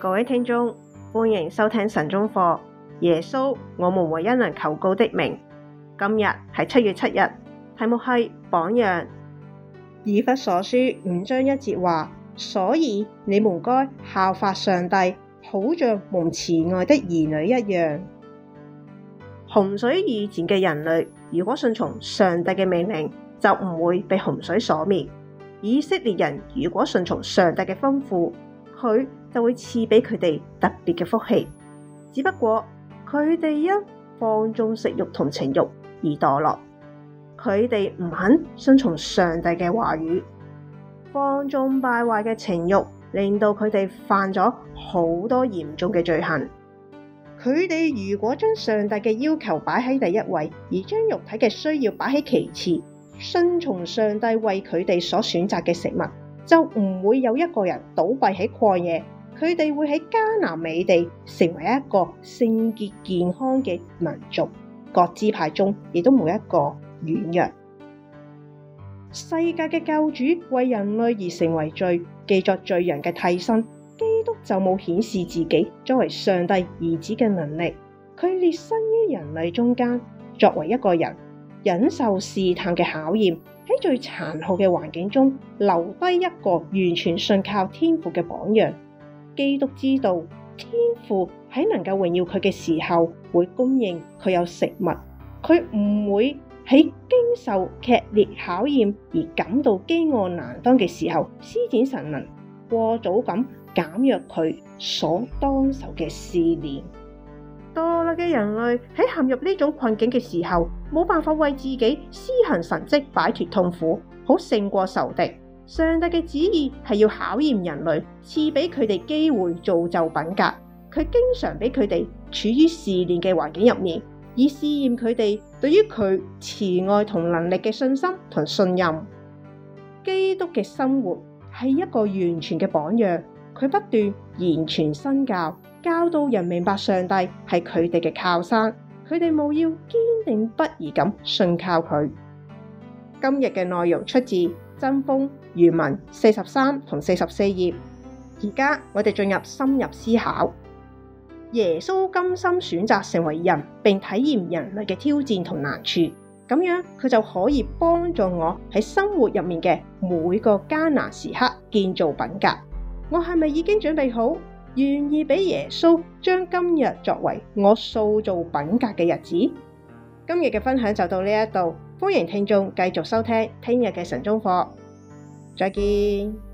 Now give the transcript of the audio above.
各位聽眾，歡迎收聽晨鐘課。耶穌，我們唯一能求告的名。今日係七月七日，題目係榜樣。以弗所書五章一節話：所以你們該效法上帝，好像蒙慈愛的兒女一樣。洪水以前嘅人類，如果順從上帝嘅命令，就唔會被洪水所滅。以色列人如果順從上帝嘅吩咐，佢，就會賜俾佢哋特別嘅福氣，只不過佢哋因放縱食欲同情欲而墮落，佢哋唔肯順從上帝嘅話語，放縱敗壞嘅情欲，令到佢哋犯咗好多嚴重嘅罪行。佢哋如果將上帝嘅要求擺喺第一位，而將肉體嘅需要擺喺其次，順從上帝為佢哋所選擇嘅食物，就唔會有一個人倒斃喺曠野。佢哋會喺迦南美地成為一個聖潔健康嘅民族。各支派中亦都冇一個軟弱。世界嘅救主為人類而成為罪，記作罪人嘅替身。基督就冇顯示自己作為上帝兒子嘅能力。佢列身於人類中間，作為一個人忍受試探嘅考驗，喺最殘酷嘅環境中留低一個完全信靠天父嘅榜樣。基督知道天父喺能夠榮耀佢嘅時候會供應佢有食物，佢唔會喺經受劇烈考驗而感到飢餓難當嘅時候施展神能，過早咁減弱佢所當受嘅試煉。墮落嘅人類喺陷入呢種困境嘅時候，冇辦法為自己施行神蹟擺脫痛苦，好勝過仇敵。上帝嘅旨意係要考驗人類，賜俾佢哋機會造就品格。佢經常俾佢哋處於試煉嘅環境入面，以試驗佢哋對於佢慈愛同能力嘅信心同信任。基督嘅生活係一個完全嘅榜樣，佢不斷言傳身教，教導人明白上帝係佢哋嘅靠山，佢哋務要堅定不移咁信靠佢。今日嘅內容出自真風原文四十三同四十四頁，而家我哋進入深入思考。耶穌甘心選擇成為人，並體驗人類嘅挑戰同難處，咁樣佢就可以幫助我喺生活入面嘅每個艱難時刻建造品格。我係咪已經準備好，願意俾耶穌將今日作為我塑造品格嘅日子？今日嘅分享就到呢度，歡迎聽眾繼續收聽聽日嘅晨鐘課，再見。